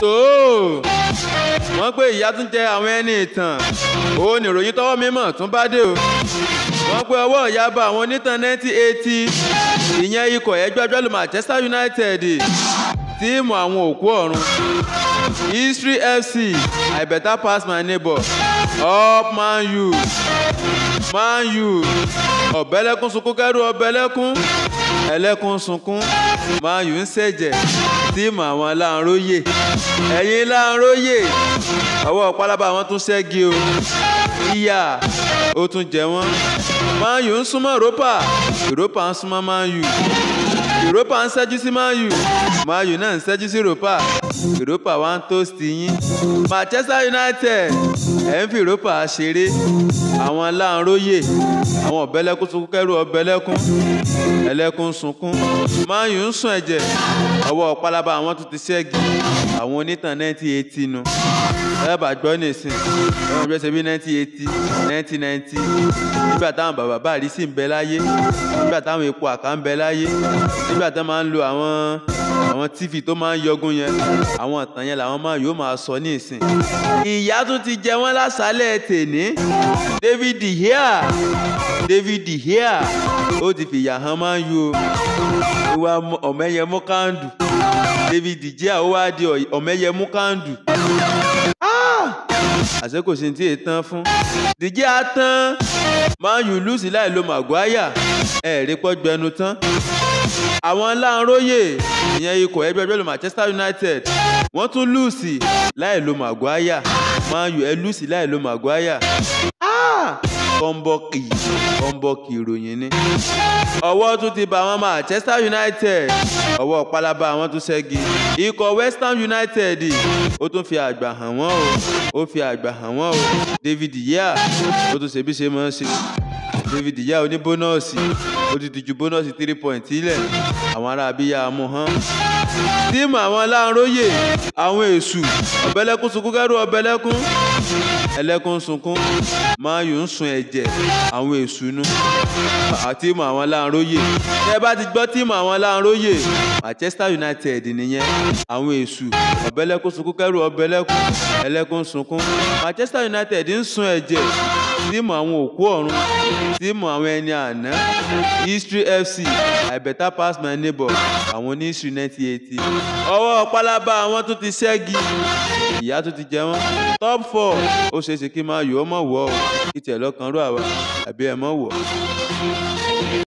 tó wọ́n pé ìyà tún jẹ àwọn ẹni ìtàn òun nìròyìn tọwọ́ mímọ̀ tún bá dé o wọ́n pé ọwọ́ ìyà bá àwọn onítàn 1980 ìyẹn ikọ̀ ẹgbẹ́ agbẹ́lu Manchester United tíìmù àwọn òkú ọ̀run History FC I better pass my neighbor up Man U Man U ọ̀bẹ́lẹ́kún sunkún kẹ́rù ọ̀bẹ́lẹ́kún ẹlẹ́kún sunkún Man U ń ṣẹ̀jẹ̀ tíìmù àwọn láǹróyè ẹ̀yin láǹróyè ọwọ́ pálábá wọn tún ṣẹ́gi o ìyá ó tún jẹ wọ́n Man U ń súnmọ́ Europa Europa ń súnmọ́ Man U. Europa ń ṣẹ́jú sí Man U náà ń ṣẹ́jú sí Europa Europa wá ń toast yín Manchester United ẹ̀ ń fi Europa ṣeré àwọn aláǹróyè àwọn ọ̀bẹ́lẹ́kún sunkún kẹ́rù ọ̀bẹ́lẹ́kún ẹlẹ́kún sunkún Man U ń sun ẹ̀jẹ̀ ọwọ́ pálábá àwọn tó ti ṣẹ́gi àwọn onítàn 1980 nu ẹ bá gbọ́ nìsín ẹ̀wọ̀n bí ṣe bí 1980 1990 nígbà táwọn bàbá bá rí sí ń bẹ láyé nígbà táwọn epo àká ń bẹ láyé nígbà nígbà tó máa ń lo àwọn àwọn tv tó máa ń yọgun yẹn àwọn ìtàn yẹn làwọn máa yóò máa sọ ní ìsìn. ìyà tún ti jẹ wọ́n lásàálẹ̀ tèní David hia David hia ó ti fìyà hàn máa ń yọ ìwà ọ̀mẹ́yẹ mọ́kàndù David hia ó wá di ọ̀mẹ́yẹ mọ́kàndù ah! àṣẹ kò sí tí ètàn fún díjẹ́ àtàn Man U lùsì láì lo Maguire ẹ̀ẹ́dẹ́gbọ́gbẹ́nu tán àwọn láńróyè ìyẹn ikọ̀ ẹgbẹ́ ẹgbẹ́ lu Manchester United wọ́n tún lùsì láì lo Maguire Man U ẹ lùsì láì lo Maguire kọ́ńbọ́ọ̀kì ah! kọ́ńbọ́ọ̀kì ìròyìn ni. ọwọ́ tún ti bá àwọn Manchester United ọwọ́ pálábá àwọn tún ṣẹ́gi ikọ̀ West Ham United ó tún fi àgbà hàn wọ́n o ó fi àgbà hàn wọ́n o David Yea ó tún ṣe bí ṣe máa ń ṣe David Yea oníbónọ́ọ̀sì ó ti ti ju bónọ́ọ̀sì three point sílẹ̀ àwọn ará abíyá mú hán. tíìmù àwọn aláǹróyè àwọn èṣù ọ̀bẹ̀lẹ́kún sunkún kẹ́rù ọ̀bẹ̀lẹ́kún ẹlẹ́kún sunkún máyù ń sun ẹ̀jẹ̀ àwọn èṣù nu àtíìmù àwọn aláǹróyè tẹ́ bá ti gbọ́ tíìmù àwọn aláǹróyè Manchester United nìyẹn àwọn èṣù ọ̀bẹ̀lẹ́kún sunkún kẹ́rù ọ̀bẹ̀lẹ́kún ẹlẹ́kún sunkún Manchester United ń sun ẹ̀jẹ̀ síìmù àwọn òkú ọ̀run síìmù àwọn ẹni àná history fc i better pass my neighbor àwọn ní history nineteen eighty ọwọ́ pálábá wọn tún ti ṣẹ́gi ìyá tó ti jẹ wọn top four ó ṣeé ṣe kí n máa yọ ọmọ wọ ọ kí tiẹ̀ lọ́kàn rú àwa àbí ẹ̀ mọ̀ wọ̀.